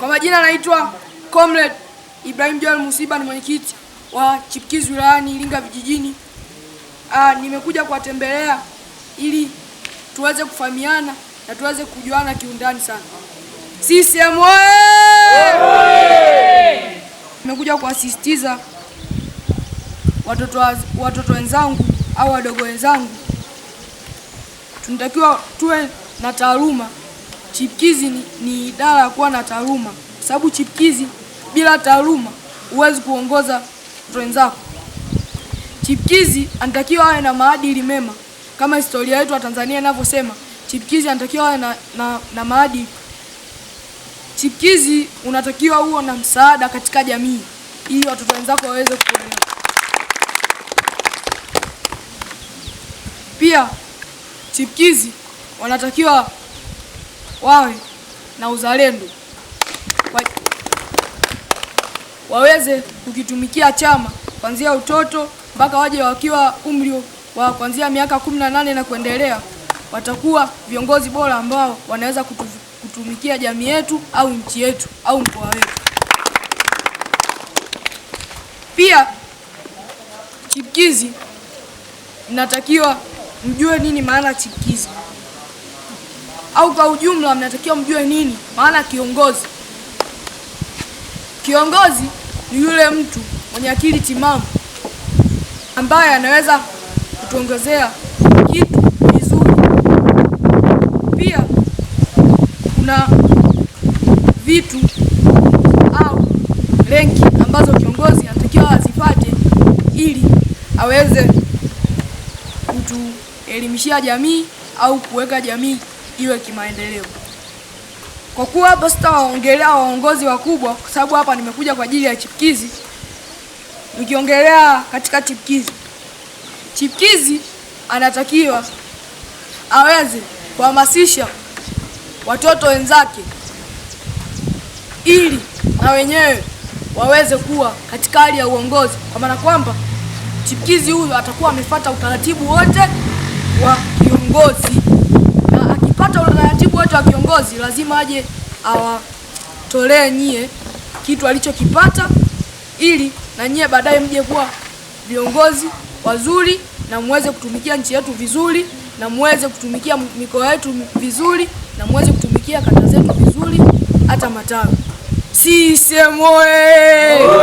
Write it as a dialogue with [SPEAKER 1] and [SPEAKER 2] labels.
[SPEAKER 1] Kwa majina naitwa Comrade Ibrahim Joel Musiba, ni mwenyekiti wa Chipukizi wilayani Iringa vijijini. Ah, nimekuja kuwatembelea ili tuweze kufahamiana na tuweze kujuana kiundani sana. CCM oyee! Nimekuja kuwasisitiza watoto watoto wenzangu au wadogo wenzangu, tunatakiwa tuwe na taaluma Chipkizi ni, ni idara ya kuwa na taaluma, kwa sababu chipkizi bila taaluma huwezi kuongoza wenzako. Chipkizi anatakiwa awe na maadili mema kama historia yetu ya Tanzania inavyosema. Chipkizi anatakiwa awe na, na, na maadili. Chipkizi unatakiwa uwe na msaada katika jamii ili watoto wenzako waweze kuelewa. Pia chipkizi wanatakiwa wawe na uzalendo wa, waweze kukitumikia chama kuanzia utoto mpaka waje wakiwa umri wa kuanzia miaka kumi na nane na kuendelea. Watakuwa viongozi bora ambao wanaweza kutu, kutumikia jamii yetu au nchi yetu au mkoa wetu. Pia chipkizi, natakiwa mjue nini maana chipkizi au kwa ujumla mnatakiwa mjue nini maana kiongozi? Kiongozi ni yule mtu mwenye akili timamu ambaye anaweza kutuongezea kitu vizuri. Pia kuna vitu au renki ambazo kiongozi anatakiwa azipate ili aweze kutuelimishia jamii au kuweka jamii iwe kimaendeleo. Kwa kuwa hapa sitawaongelea waongozi wakubwa, kwa sababu hapa nimekuja kwa ajili ya chipukizi. Nikiongelea katika chipukizi, chipukizi anatakiwa aweze kuhamasisha watoto wenzake ili na wenyewe waweze kuwa katika hali ya uongozi, kwa maana kwamba chipukizi huyu atakuwa amefuata utaratibu wote wa kiongozi kiongozi lazima aje awatolee nyie kitu alichokipata ili na nyie baadaye mje kuwa viongozi wazuri na muweze kutumikia nchi yetu vizuri na muweze kutumikia mikoa yetu vizuri na muweze kutumikia kata zetu vizuri hata matawi. CCM oye!